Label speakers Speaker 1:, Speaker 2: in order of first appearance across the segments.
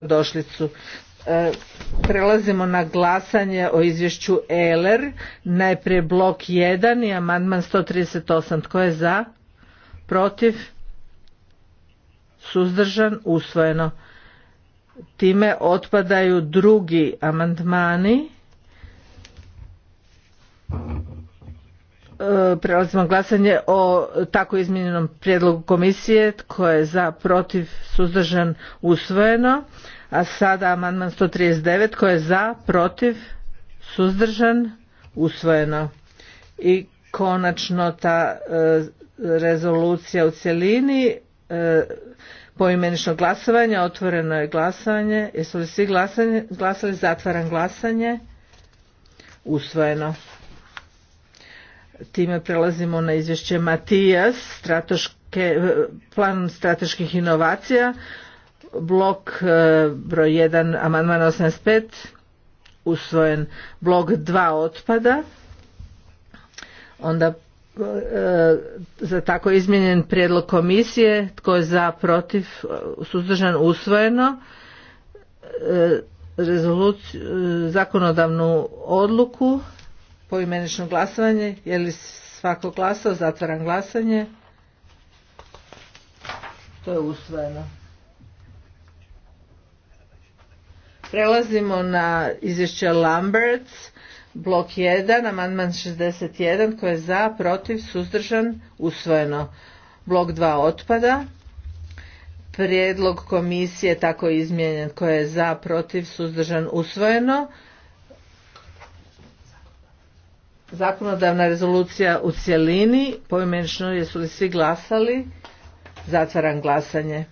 Speaker 1: došlicu. E, prelazimo na glasanje o izvješću ELER. Najprije blok 1 i amandman 138. Tko je za? Protiv? Suzdržan? Usvojeno. Time otpadaju drugi amandmani. E, prelazimo glasanje o tako izmijenjenom prijedlogu komisije tko je za protiv suzdržan usvojeno a sada amandman 139 tko je za protiv suzdržan usvojeno i konačno ta e, rezolucija u cjelini e, poimenično glasovanje otvoreno je glasovanje jesu li svi glasali zatvaram glasanje usvojeno Time prelazimo na izvješće Matijas, strateške, eh, plan strateških inovacija, blok eh, broj 1, amandman 85, usvojen blok 2 otpada, onda eh, za tako izmijenjen prijedlog komisije, tko je za, protiv, suzdržan, usvojeno, rezoluciju, zakonodavnu odluku, poimenično glasovanje. Je li svako glasao? Zatvaram glasanje. To je usvojeno. Prelazimo na izvješće Lamberts, blok 1, amandman 61, koji je za, protiv, suzdržan, usvojeno. Blok 2 otpada. Prijedlog komisije tako izmijenjen koji je za, protiv, suzdržan, usvojeno. Zakonodavna rezolucija u cjelini, poimenično jesu li svi glasali, zatvaram glasanje.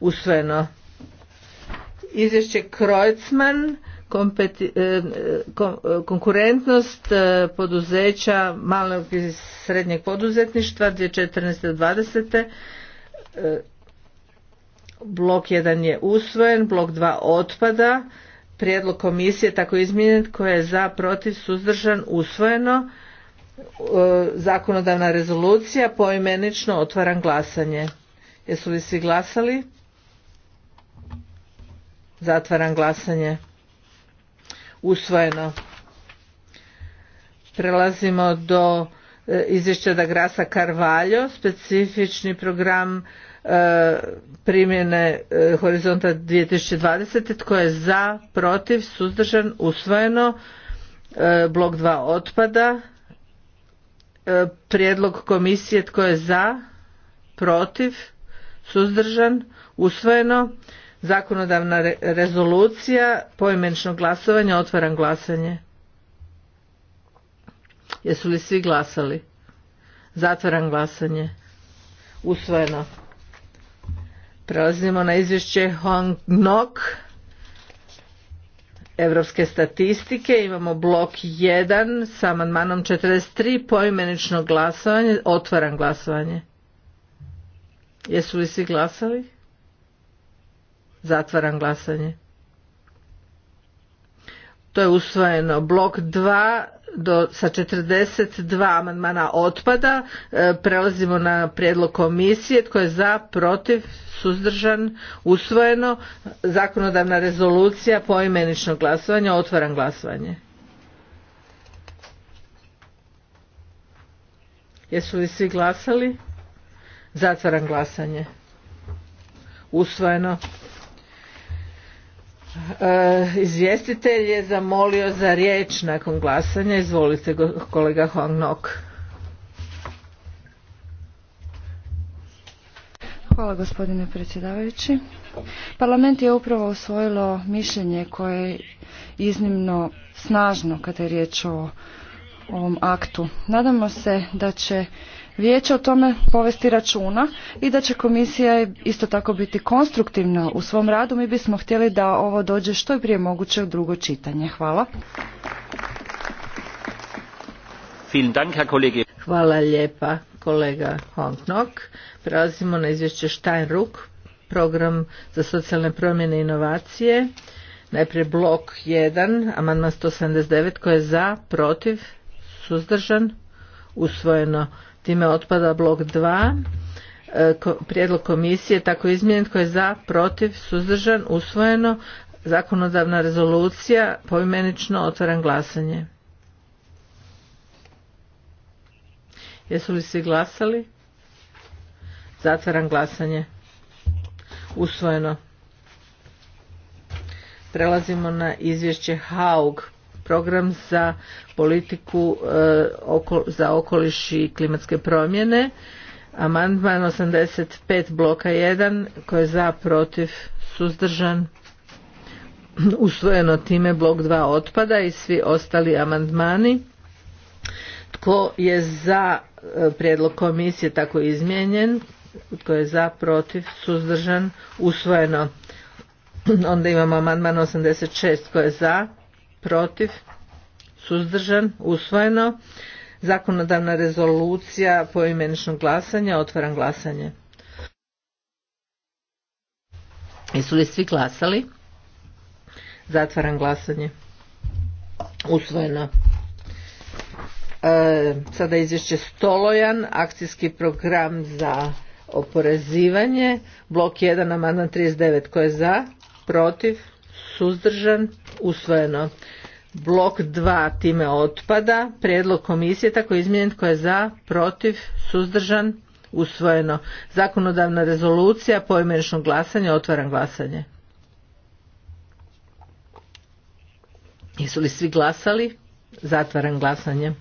Speaker 1: Usvojeno. Izvješće Krojcman, e, e, e, konkurentnost poduzeća malog i srednjeg poduzetništva 2014. 20. Blok 1 je usvojen, blok 2 otpada, prijedlog komisije tako izmijenjen koji je za protiv suzdržan usvojeno e, zakonodavna rezolucija poimenično otvaram glasanje jesu li svi glasali zatvaram glasanje usvojeno prelazimo do e, izvješća da grasa Karvaljo, specifični program primjene e, horizonta 2020. Tko je za, protiv, suzdržan, usvojeno. E, blok 2 otpada. E, prijedlog komisije tko je za, protiv, suzdržan, usvojeno. Zakonodavna rezolucija, poimenično glasovanje, otvaram glasanje. Jesu li svi glasali? Zatvaram glasanje. Usvojeno. Prelazimo na izvješće Hong Nok, Evropske statistike. Imamo blok 1 sa amandmanom 43, poimenično glasovanje, otvaran glasovanje. Jesu li svi glasali? Zatvaram glasanje. To je usvojeno. Blok 2 do, sa 42 amandmana otpada. E, prelazimo na prijedlog komisije. Tko je za, protiv, suzdržan, usvojeno. Zakonodavna rezolucija poimenično glasovanje. Otvaram glasovanje. Jesu li svi glasali? Zatvaram glasanje. Usvojeno. E, izvjestitelj je zamolio za riječ nakon glasanja. Izvolite kolega Hong Nok.
Speaker 2: Hvala gospodine predsjedavajući. Parlament je upravo usvojilo mišljenje koje je iznimno snažno kada je riječ o ovom aktu. Nadamo se da će vijeće o tome povesti računa i da će komisija isto tako biti konstruktivna u svom radu. Mi bismo htjeli da ovo dođe što je prije moguće u drugo čitanje. Hvala.
Speaker 1: Hvala lijepa kolega Honknok. Prelazimo na izvješće Steinruck, program za socijalne promjene i inovacije. Najprije blok 1, amandman 179, koji je za, protiv, suzdržan, usvojeno Time otpada blok 2. E, prijedlog komisije tako izmijenjen koji je za, protiv, suzdržan, usvojeno. Zakonodavna rezolucija poimenično otvaram glasanje. Jesu li svi glasali? Zatvaram glasanje. Usvojeno. Prelazimo na izvješće Haug program za politiku eh, za okoliš i klimatske promjene. Amandman 85 bloka 1 koji je za protiv suzdržan usvojeno time blok 2 otpada i svi ostali amandmani. Tko je za eh, prijedlog komisije tako izmijenjen? Tko je za protiv suzdržan usvojeno? Onda imamo amandman 86 koji je za protiv, suzdržan, usvojeno. Zakonodavna rezolucija imeničnom glasanja, otvaram glasanje. Jesu li svi glasali? Zatvaram glasanje. Usvojeno. E, sada izvješće Stolojan, akcijski program za oporezivanje, blok 1, amandman 39, ko je za, protiv, suzdržan, usvojeno. Blok 2 time otpada. Prijedlog komisije tako izmijenjen tko je za, protiv, suzdržan, usvojeno. Zakonodavna rezolucija, poimenično glasanje, otvaram glasanje. Jesu li svi glasali? Zatvaram glasanje.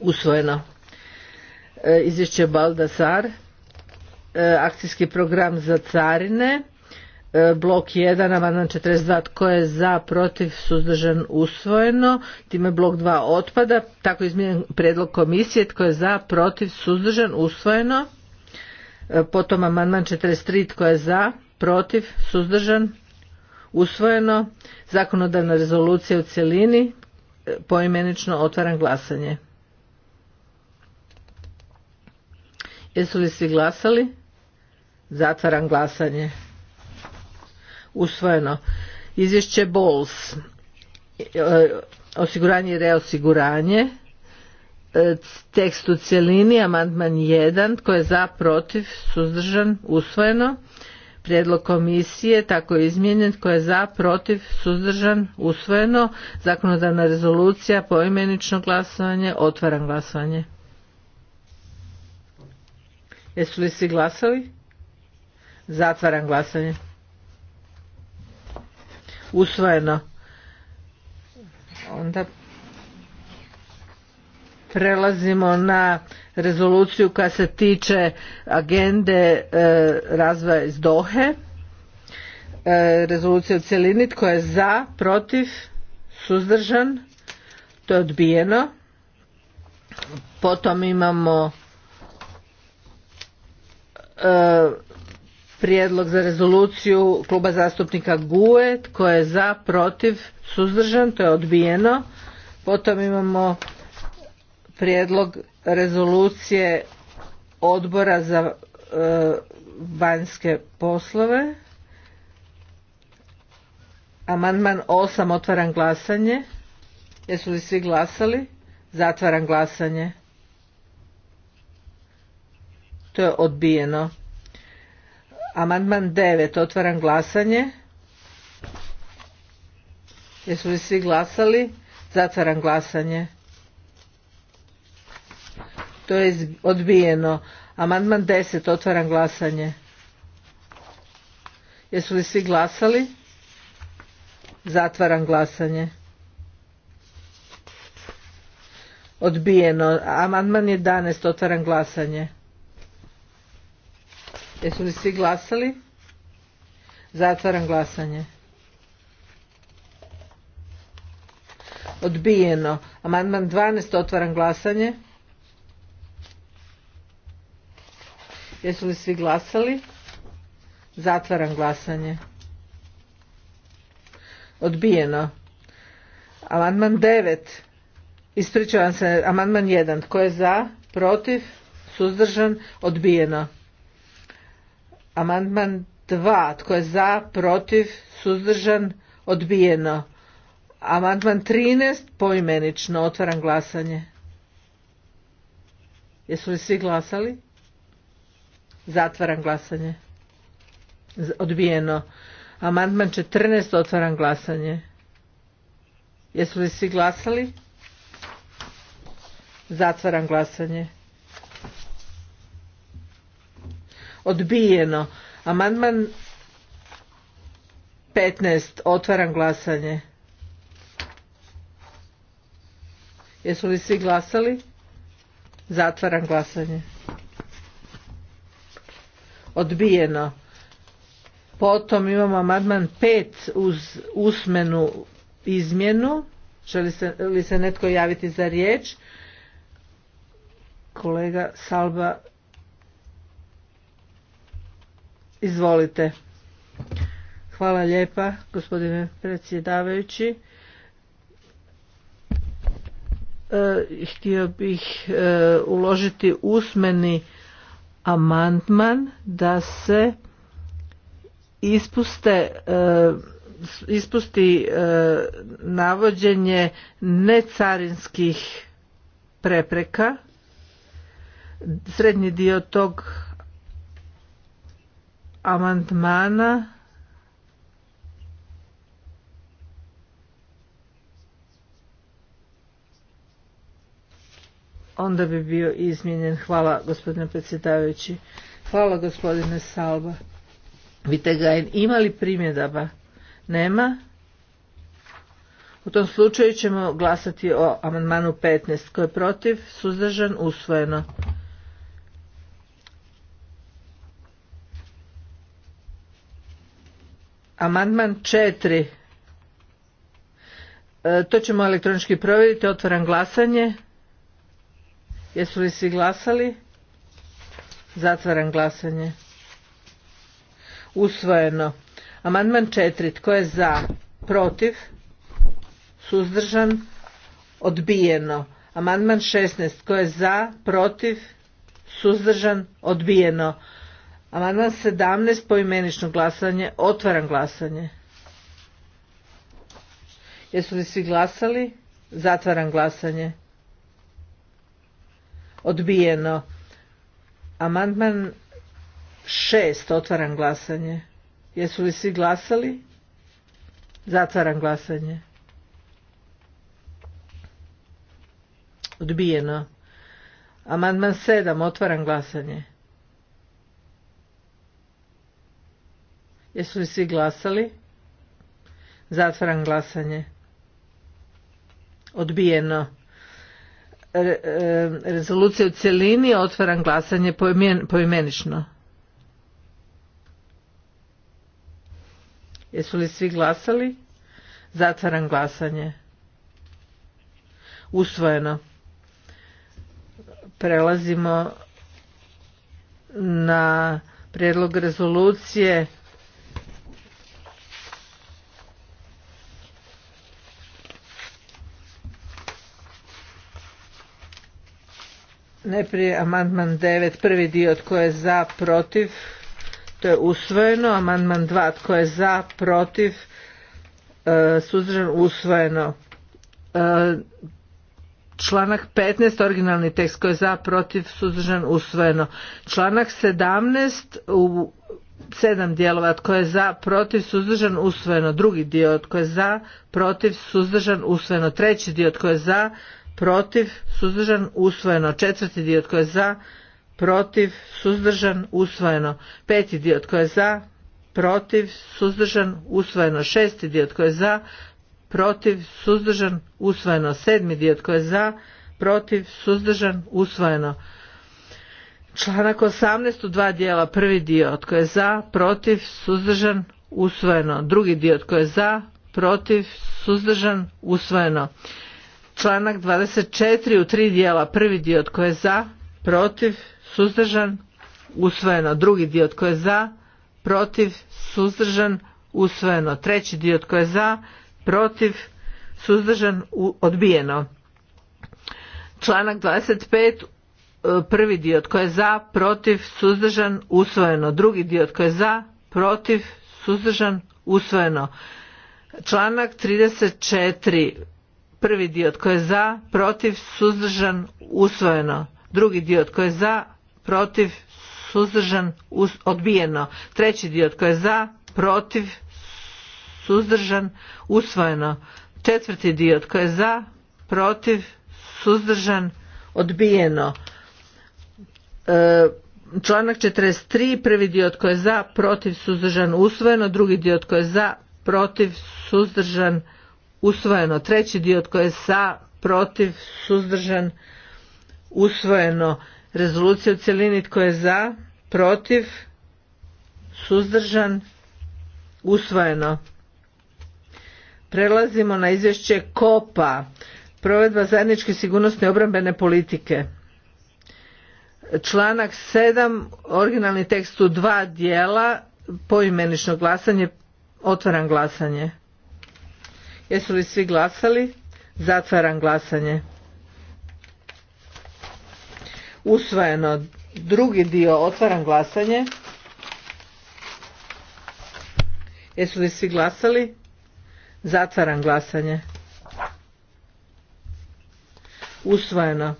Speaker 1: Usvojeno. E, izvješće Baldasar, e, akcijski program za carine. E, blok 1, amandman 42, tko je za, protiv, suzdržan, usvojeno. Time blok 2 otpada, tako izmijenjen predlog komisije, tko je za, protiv, suzdržan, usvojeno. E, potom amandman 43, tko je za, protiv, suzdržan, usvojeno. Zakonodavna rezolucija u cjelini, e, poimenično otvaram glasanje. Jesu li svi glasali? Zatvaram glasanje usvojeno. Izvješće BOLS, e, osiguranje i reosiguranje, e, tekst u cjelini, amandman 1, tko je za, protiv, suzdržan, usvojeno. Prijedlog komisije tako je izmijenjen, tko je za, protiv, suzdržan, usvojeno. Zakonodavna rezolucija, poimenično glasovanje, otvaram glasovanje. Jesu li svi glasali? Zatvaram glasovanje usvojeno. Onda prelazimo na rezoluciju koja se tiče agende e, razvoja iz Dohe. E, rezolucija u cjelini koja je za, protiv, suzdržan, to je odbijeno. Potom imamo e, prijedlog za rezoluciju kluba zastupnika GUE, tko je za, protiv, suzdržan, to je odbijeno. Potom imamo prijedlog rezolucije odbora za e, vanjske poslove. Amandman 8, otvaram glasanje. Jesu li svi glasali? Zatvaram glasanje. To je odbijeno. Amandman 9. Otvaram glasanje. Jesu li svi glasali? Zatvaram glasanje. To je odbijeno. Amandman 10. Otvaram glasanje. Jesu li svi glasali? Zatvaram glasanje. Odbijeno. Amandman 11. Otvaram glasanje. Jesu li svi glasali? Zatvaram glasanje. Odbijeno. Amandman 12. Otvaram glasanje. Jesu li svi glasali? Zatvaram glasanje. Odbijeno. Amandman 9. Ispričavam se. Amandman 1. Tko je za? Protiv? Suzdržan? Odbijeno. Amandman 2. Tko je za, protiv, suzdržan, odbijeno. Amandman 13. Poimenično. Otvaram glasanje. Jesu li svi glasali? Zatvaram glasanje. Odbijeno. Amandman 14. Otvaram glasanje. Jesu li svi glasali? Zatvaram glasanje. odbijeno. Amandman 15. Otvaram glasanje. Jesu li svi glasali? Zatvaram glasanje. Odbijeno. Potom imamo amandman 5 uz usmenu izmjenu. Želi li se netko javiti za riječ? Kolega Salba Izvolite. Hvala lijepa, gospodine predsjedavajući. E, htio bih e, uložiti usmeni amandman da se ispuste e, ispusti e, navođenje necarinskih prepreka srednji dio tog amandmana onda bi bio izmjenjen. Hvala gospodine predsjedavajući. Hvala gospodine Salba. Vitegajn, ima li primjedaba? Nema. U tom slučaju ćemo glasati o amandmanu 15. Ko je protiv? Suzdržan? Usvojeno. Amandman 4. E, to ćemo elektronički provjeriti. Otvaram glasanje. Jesu li svi glasali? Zatvaram glasanje. Usvojeno. Amandman 4. Tko je za? Protiv? Suzdržan? Odbijeno. Amandman 16. Tko je za? Protiv? Suzdržan? Odbijeno. Amandman 17 poimenično glasanje. Otvaram glasanje. Jesu li svi glasali? Zatvaram glasanje. Odbijeno. Amandman 6. Otvaram glasanje. Jesu li svi glasali? Zatvaram glasanje. Odbijeno. Amandman 7. Otvaram glasanje. Jesu li svi glasali? Zatvaram glasanje. Odbijeno. E, rezolucija u cjelini, otvaram glasanje poimenično. Jesu li svi glasali? Zatvaram glasanje. Usvojeno. Prelazimo na prijedlog rezolucije Najprije amandman 9, prvi dio tko je za, protiv, to je usvojeno. Amandman 2, tko je za, protiv, e, suzdržan, usvojeno. E, članak 15, originalni tekst tko je za, protiv, suzdržan, usvojeno. Članak 17, u sedam dijelova tko je za, protiv, suzdržan, usvojeno. Drugi dio tko je za, protiv, suzdržan, usvojeno. Treći dio tko je za, protiv, suzdržan, usvojeno. Četvrti dio tko je za, protiv, suzdržan, usvojeno. Peti dio tko je za, protiv, suzdržan, usvojeno. Šesti dio tko je za, protiv, suzdržan, usvojeno. Sedmi dio tko je za, protiv, suzdržan, usvojeno. Članak 18 u dva dijela. Prvi dio tko je za, protiv, suzdržan, usvojeno. Drugi dio tko je za, protiv, suzdržan, usvojeno članak 24 u tri dijela. Prvi dio tko je za, protiv, suzdržan, usvojeno. Drugi dio tko je za, protiv, suzdržan, usvojeno. Treći dio tko je za, protiv, suzdržan, odbijeno. Članak 25 e, prvi dio tko je za, protiv, suzdržan, usvojeno. Drugi dio tko je za, protiv, suzdržan, usvojeno. Članak 34 Prvi dio tko je za, protiv, suzdržan, usvojeno. Drugi dio tko je za, protiv, suzdržan, odbijeno. Treći dio tko je za, protiv, suzdržan, usvojeno. Četvrti dio tko je za, protiv, suzdržan, odbijeno. E, članak članak 43, prvi dio tko je za, protiv, suzdržan, usvojeno. Drugi dio tko je za, protiv, suzdržan, usvojeno. Treći dio tko je za, protiv, suzdržan, usvojeno. Rezolucija u cjelini tko je za, protiv, suzdržan, usvojeno. Prelazimo na izvješće KOPA, provedba zajedničke sigurnosne obrambene politike. Članak 7, originalni tekst u dva dijela, poimenično glasanje, otvaram glasanje. Jesu li svi glasali? Zatvaram glasanje. Usvojeno drugi dio. Otvaram glasanje. Jesu li svi glasali? Zatvaram glasanje. Usvojeno.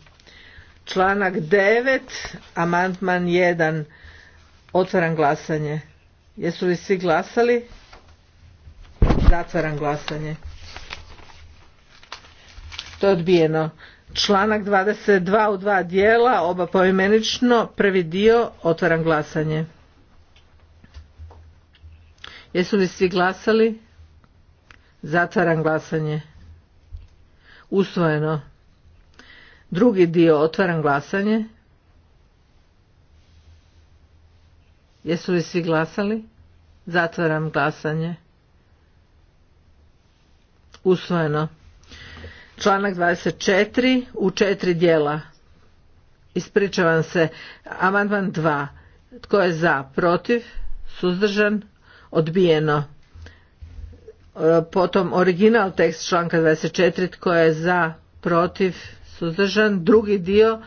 Speaker 1: Članak 9, amandman 1. Otvaram glasanje. Jesu li svi glasali? Zatvaram glasanje to je odbijeno. Članak 22 u dva dijela, oba poimenično, prvi dio, otvaram glasanje. Jesu li svi glasali? Zatvaram glasanje. Usvojeno. Drugi dio, otvaram glasanje. Jesu li svi glasali? Zatvaram glasanje. Usvojeno članak 24 u četiri dijela. Ispričavam se. Amandman 2. Tko je za? Protiv? Suzdržan? Odbijeno. E, potom original tekst članka 24. Tko je za? Protiv? Suzdržan? Drugi dio.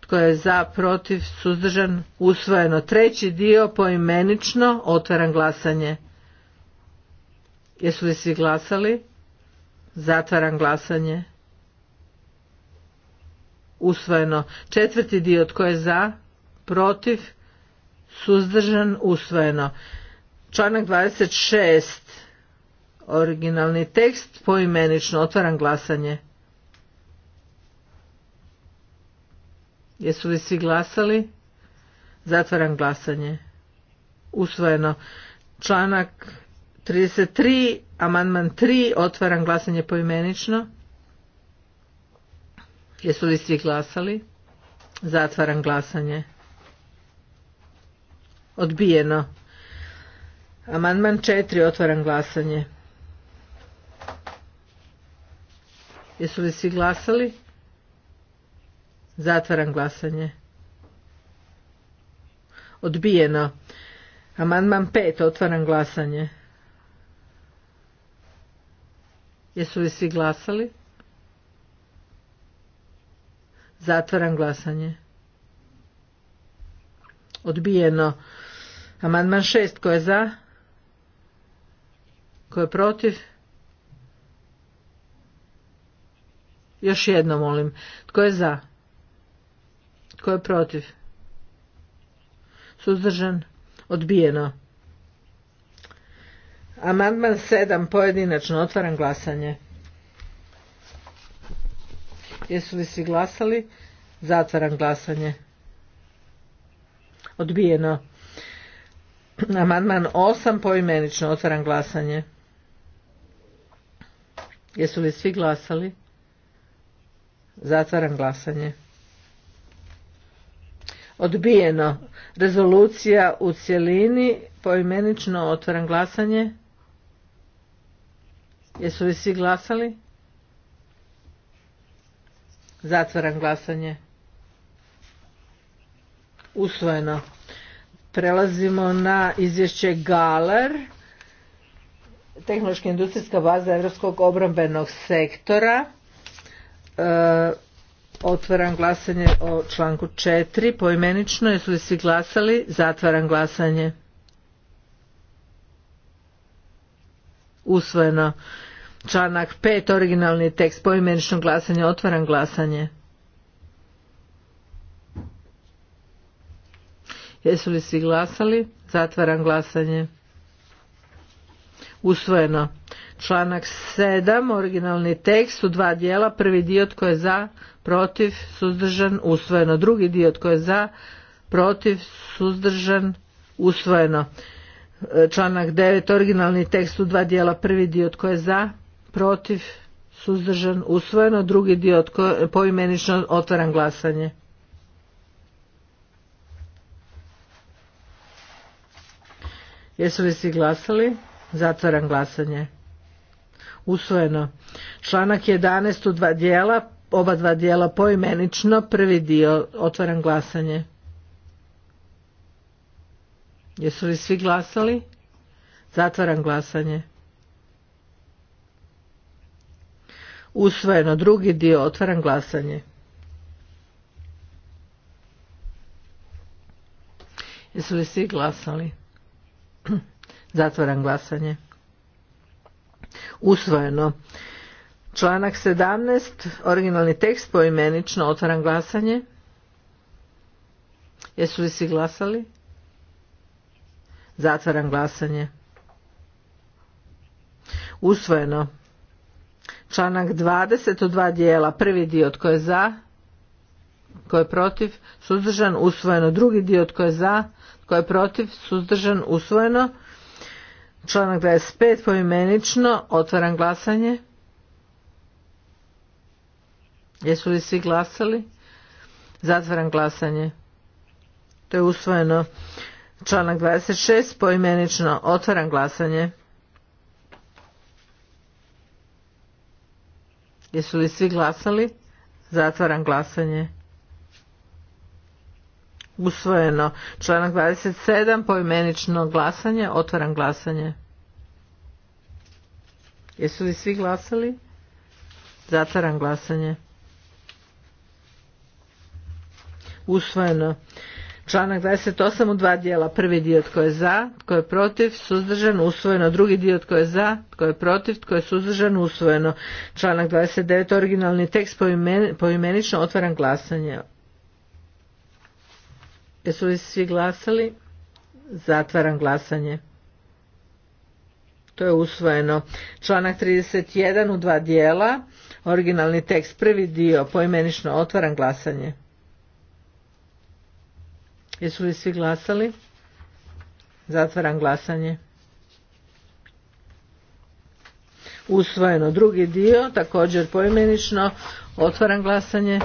Speaker 1: Tko je za? Protiv? Suzdržan? Usvojeno. Treći dio poimenično. Otvaram glasanje. Jesu li svi glasali? Zatvaram glasanje. Usvojeno. Četvrti dio tko je za, protiv, suzdržan, usvojeno. Članak 26. Originalni tekst poimenično. Otvaram glasanje. Jesu li svi glasali? Zatvaram glasanje. Usvojeno. Članak 33 Amandman 3. Otvaram glasanje poimenično. Jesu li svi glasali? Zatvaram glasanje. Odbijeno. Amandman 4. Otvaram glasanje. Jesu li svi glasali? Zatvaram glasanje. Odbijeno. Amandman 5. Otvaram glasanje. Jesu li svi glasali? Zatvaram glasanje. Odbijeno. Amandman šest. Ko je za? Ko je protiv? Još jedno molim. Tko je za? Tko je protiv? Suzdržan? Odbijeno. Amandman 7 pojedinačno otvaram glasanje. Jesu li svi glasali? Zatvaram glasanje. Odbijeno. Amandman 8 poimenično otvaram glasanje. Jesu li svi glasali? Zatvaram glasanje. Odbijeno. Rezolucija u cjelini poimenično otvaram glasanje. Jesu li svi glasali? Zatvaram glasanje. Usvojeno. Prelazimo na izvješće Galer. Tehnološka industrijska baza Europskog obrambenog sektora. E, otvaram glasanje o članku 4. Poimenično, jesu li svi glasali? Zatvaram glasanje. Usvojeno. Članak 5. Originalni tekst. Poimenično glasanje. Otvaram glasanje. Jesu li svi glasali? Zatvaram glasanje. Usvojeno. Članak 7. Originalni tekst u dva dijela. Prvi dio tko je za, protiv, suzdržan, usvojeno. Drugi dio tko je za, protiv, suzdržan, usvojeno. E, članak 9. Originalni tekst u dva dijela. Prvi dio tko je za, protiv, suzdržan, usvojeno. Drugi dio poimenično otvaram glasanje. Jesu li svi glasali? Zatvaram glasanje. Usvojeno. Članak 11 u dva dijela, oba dva dijela poimenično, prvi dio, otvaram glasanje. Jesu li svi glasali? Zatvaram glasanje. usvojeno drugi dio otvaram glasanje jesu li svi glasali zatvaram glasanje usvojeno članak 17 originalni tekst poimenično otvaram glasanje jesu li svi glasali zatvaram glasanje usvojeno članak 20 u dva dijela. Prvi dio tko je za, tko je protiv, suzdržan, usvojeno. Drugi dio tko je za, tko je protiv, suzdržan, usvojeno. Članak 25 poimenično, otvaram glasanje. Jesu li svi glasali? Zatvaram glasanje. To je usvojeno. Članak 26 poimenično, otvaram glasanje. Jesu li svi glasali? Zatvaram glasanje. Usvojeno. Članak 27. Poimenično glasanje. Otvaram glasanje. Jesu li svi glasali? Zatvaram glasanje. Usvojeno. Članak 28 u dva dijela. Prvi dio tko je za, tko je protiv, suzdržan, usvojeno. Drugi dio tko je za, tko je protiv, tko je suzdržan, usvojeno. Članak 29 originalni tekst poimenično otvaram glasanje. Jesu li svi glasali? Zatvaram glasanje. To je usvojeno. Članak 31 u dva dijela. Originalni tekst prvi dio poimenično otvaram glasanje. Jesu li svi glasali? Zatvaram glasanje. Usvojeno drugi dio, također poimenično. Otvaram glasanje.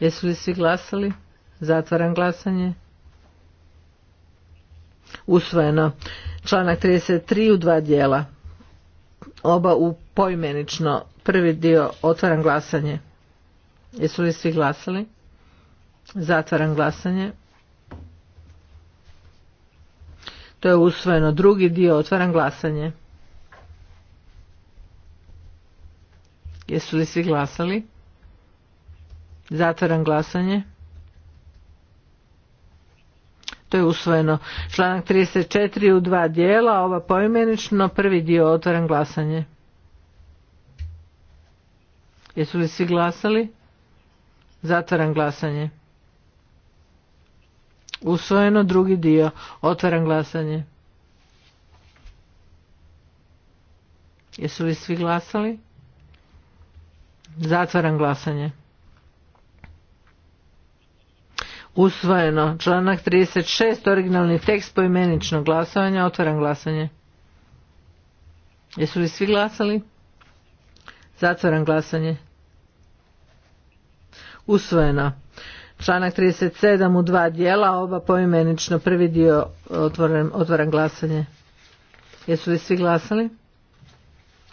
Speaker 1: Jesu li svi glasali? Zatvaram glasanje. Usvojeno. Članak 33 u dva dijela. Oba u poimenično. Prvi dio otvaram glasanje. Jesu li svi glasali? Zatvaram glasanje. To je usvojeno. Drugi dio, otvaram glasanje. Jesu li svi glasali? Zatvaram glasanje. To je usvojeno. Članak 34 u dva dijela, ova poimenično, prvi dio otvaram glasanje. Jesu li svi glasali? Zatvaram glasanje. Usvojeno drugi dio. Otvaram glasanje. Jesu li svi glasali? Zatvaram glasanje. Usvojeno. Članak 36. Originalni tekst poimenično glasovanje. Otvaram glasanje. Jesu li svi glasali? Zatvaram glasanje. Usvojeno članak 37 u dva dijela, oba poimenično. Prvi dio otvoren, otvaram glasanje. Jesu li svi glasali?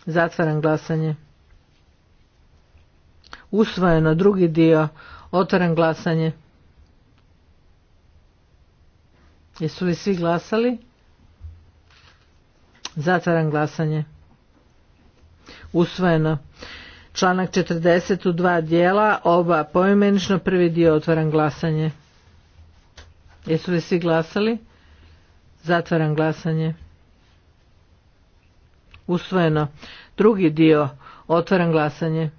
Speaker 1: Zatvaram glasanje. Usvojeno drugi dio, otvaram glasanje. Jesu li svi glasali? Zatvaram glasanje. Usvojeno članak 40 u dva dijela, oba poimenično, prvi dio otvaram glasanje. Jesu li svi glasali? Zatvaram glasanje. Usvojeno. Drugi dio, otvaram glasanje.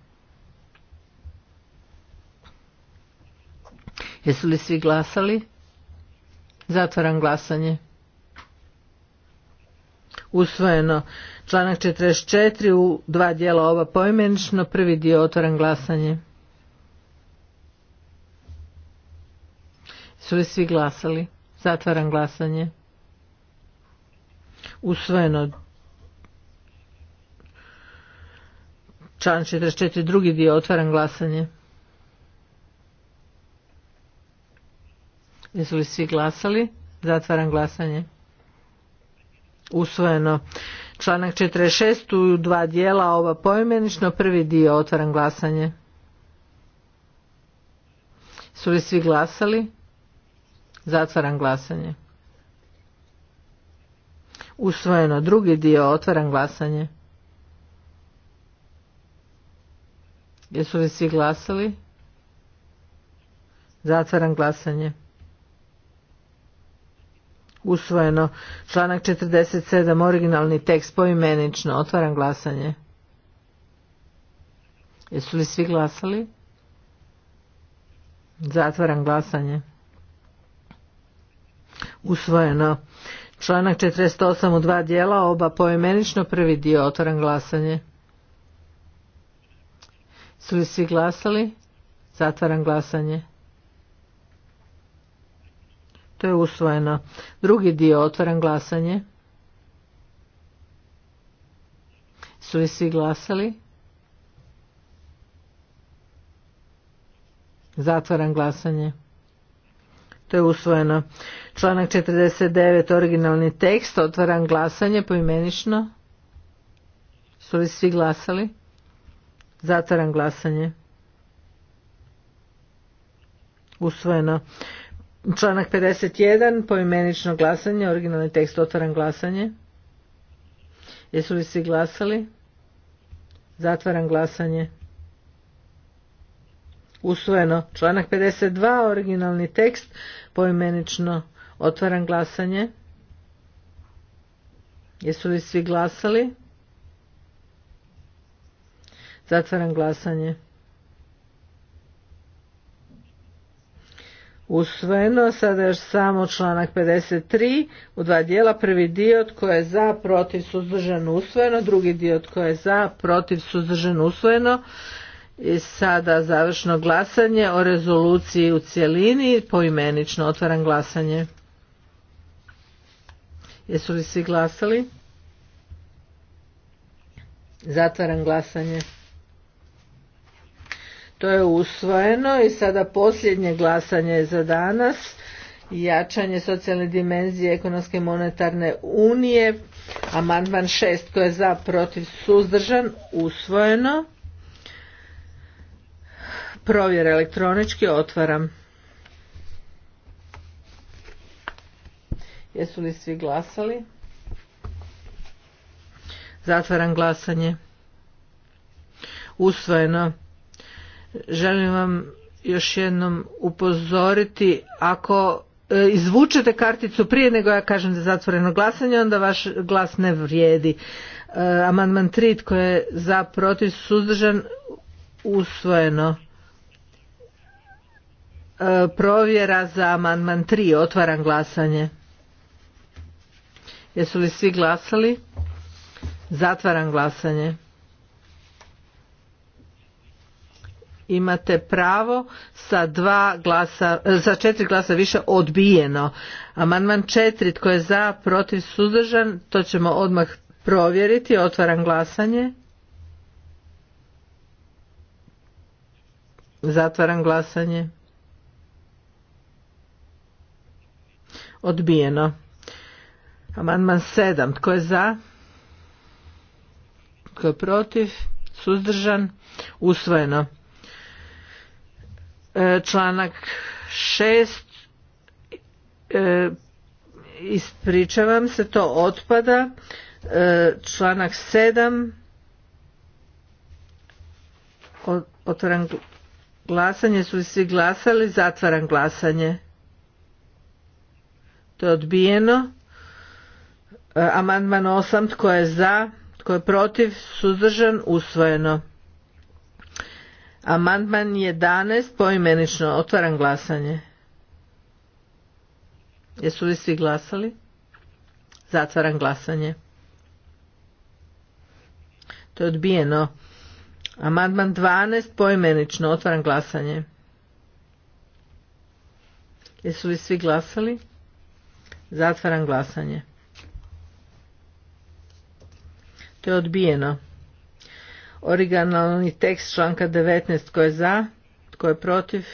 Speaker 1: Jesu li svi glasali? Zatvaram glasanje usvojeno. Članak 44 u dva dijela ova poimenično, prvi dio otvoren glasanje. Su li svi glasali? Zatvaram glasanje. Usvojeno članak 44. drugi dio. Otvaram glasanje. Jesu li svi glasali? Zatvaram glasanje usvojeno. Članak 46 u dva dijela ova poimenično prvi dio otvaram glasanje. Su li svi glasali? Zatvaram glasanje. Usvojeno drugi dio otvaram glasanje. Jesu li svi glasali? Zatvaram glasanje usvojeno. Članak 47. Originalni tekst poimenično. Otvaram glasanje. Jesu li svi glasali? Zatvaram glasanje. Usvojeno. Članak 48 u dva dijela, oba poimenično, prvi dio, otvaram glasanje. Jesu li svi glasali? Zatvaram glasanje. To je usvojeno. Drugi dio, otvaram glasanje. Su li svi glasali? Zatvaram glasanje. To je usvojeno. Članak 49, originalni tekst, otvaram glasanje poimenično. Su li svi glasali? Zatvaram glasanje. Usvojeno. Članak 51, poimenično glasanje, originalni tekst, otvaram glasanje. Jesu li svi glasali? Zatvaram glasanje. Usvojeno. Članak 52, originalni tekst, poimenično otvaram glasanje. Jesu li svi glasali? Zatvaram glasanje. usvojeno. Sada još samo članak 53 u dva dijela. Prvi dio tko je za, protiv, suzdržan, usvojeno. Drugi dio tko je za, protiv, suzdržan, usvojeno. I sada završno glasanje o rezoluciji u cjelini. Poimenično otvaram glasanje. Jesu li svi glasali? Zatvaram glasanje. To je usvojeno i sada posljednje glasanje za danas. Jačanje socijalne dimenzije ekonomske i monetarne unije. Amandman 6 koji je za protiv suzdržan usvojeno. Provjer elektronički otvaram. Jesu li svi glasali? Zatvaram glasanje. Usvojeno. Želim vam još jednom upozoriti, ako e, izvučete karticu prije nego ja kažem da je zatvoreno glasanje, onda vaš glas ne vrijedi. E, amandman 3, tko je za, protiv, suzdržan, usvojeno. E, provjera za amandman 3, otvaram glasanje. Jesu li svi glasali? Zatvaram glasanje. imate pravo sa dva glasa, e, za četiri glasa više odbijeno. Amandman četiri tko je za, protiv, suzdržan, to ćemo odmah provjeriti. Otvaram glasanje. Zatvaram glasanje. Odbijeno. Amandman sedam Tko je za? Tko je protiv? Suzdržan? Usvojeno. E, članak 6 e, ispričavam se to otpada e, članak 7 otvaram glasanje su li svi glasali zatvaram glasanje to je odbijeno amandman 8 tko je za tko je protiv suzdržan usvojeno Amandman 11 poimenično otvaram glasanje. Jesu li svi glasali? Zatvaram glasanje. To je odbijeno. Amandman 12 poimenično otvaram glasanje. Jesu li svi glasali? Zatvaram glasanje. To je odbijeno originalni tekst članka 19 tko je za, tko je protiv.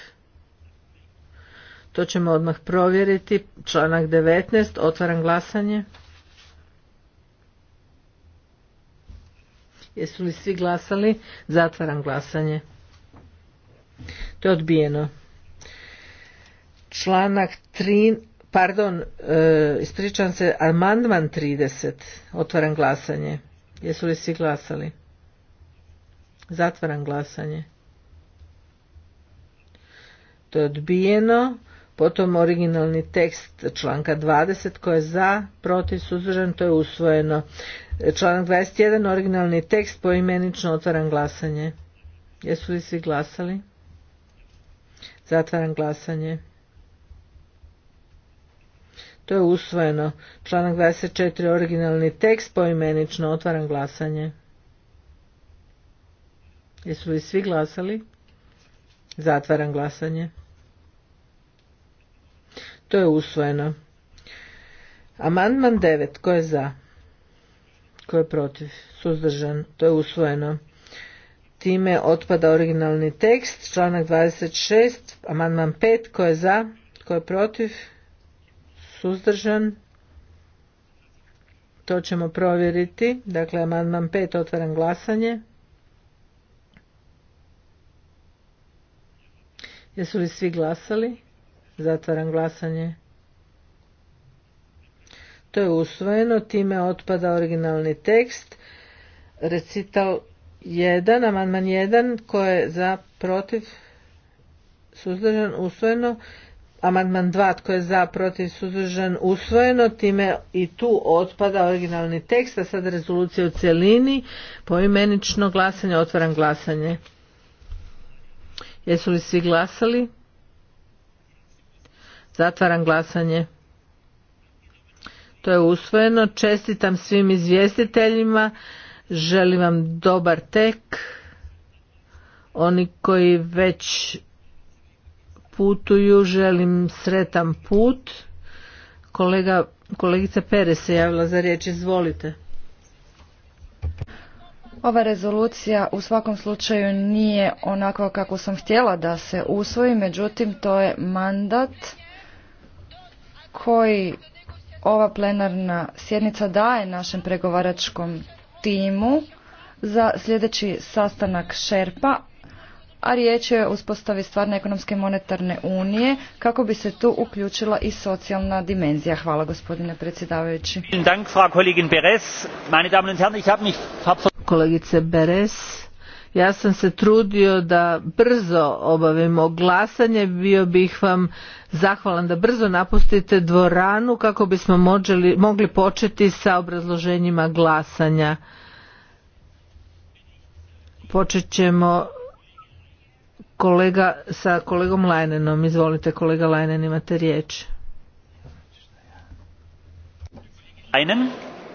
Speaker 1: To ćemo odmah provjeriti. Članak 19, otvaram glasanje. Jesu li svi glasali? Zatvaram glasanje. To je odbijeno. Članak 3, pardon, e, ispričam se, amandman 30, otvaram glasanje. Jesu li svi glasali? Zatvaram glasanje. To je odbijeno. Potom originalni tekst članka 20 koji je za, protiv, suzdržan, to je usvojeno. Članak 21, originalni tekst poimenično otvaram glasanje. Jesu li svi glasali? Zatvaram glasanje. To je usvojeno. Članak 24, originalni tekst poimenično otvaram glasanje. Jesu li svi glasali? Zatvaram glasanje. To je usvojeno. Amandman 9. Ko je za? Ko je protiv? Suzdržan. To je usvojeno. Time otpada originalni tekst. Članak 26. Amandman 5. Ko je za? Ko je protiv? Suzdržan. To ćemo provjeriti. Dakle, amandman 5. Otvaram glasanje. Jesu li svi glasali? Zatvaram glasanje. To je usvojeno, time otpada originalni tekst. Recital 1, amandman 1, Koje je za, protiv, suzdržan, usvojeno. Amandman 2, tko je za, protiv, suzdržan, usvojeno. Time i tu otpada originalni tekst, a sad rezolucija u cjelini. Poimenično glasanje, otvaram glasanje. Jesu li svi glasali? Zatvaram glasanje. To je usvojeno. Čestitam svim izvjestiteljima. Želim vam dobar tek. Oni koji već putuju, želim sretan put. kolegica Pere se javila za riječ, izvolite.
Speaker 2: Ova rezolucija u svakom slučaju nije onako kako sam htjela da se usvoji, međutim to je mandat koji ova plenarna sjednica daje našem pregovaračkom timu za sljedeći sastanak Šerpa, a riječ je o uspostavi stvarne ekonomske monetarne unije kako bi se tu uključila i socijalna dimenzija. Hvala gospodine predsjedavajući.
Speaker 1: Kolegice Beres, ja sam se trudio da brzo obavimo glasanje, bio bih vam zahvalan da brzo napustite dvoranu kako bismo mogli, mogli početi sa obrazloženjima glasanja. Počet ćemo kolega sa kolegom Lajnenom. Izvolite kolega Lajnen, imate riječ. Lajnen?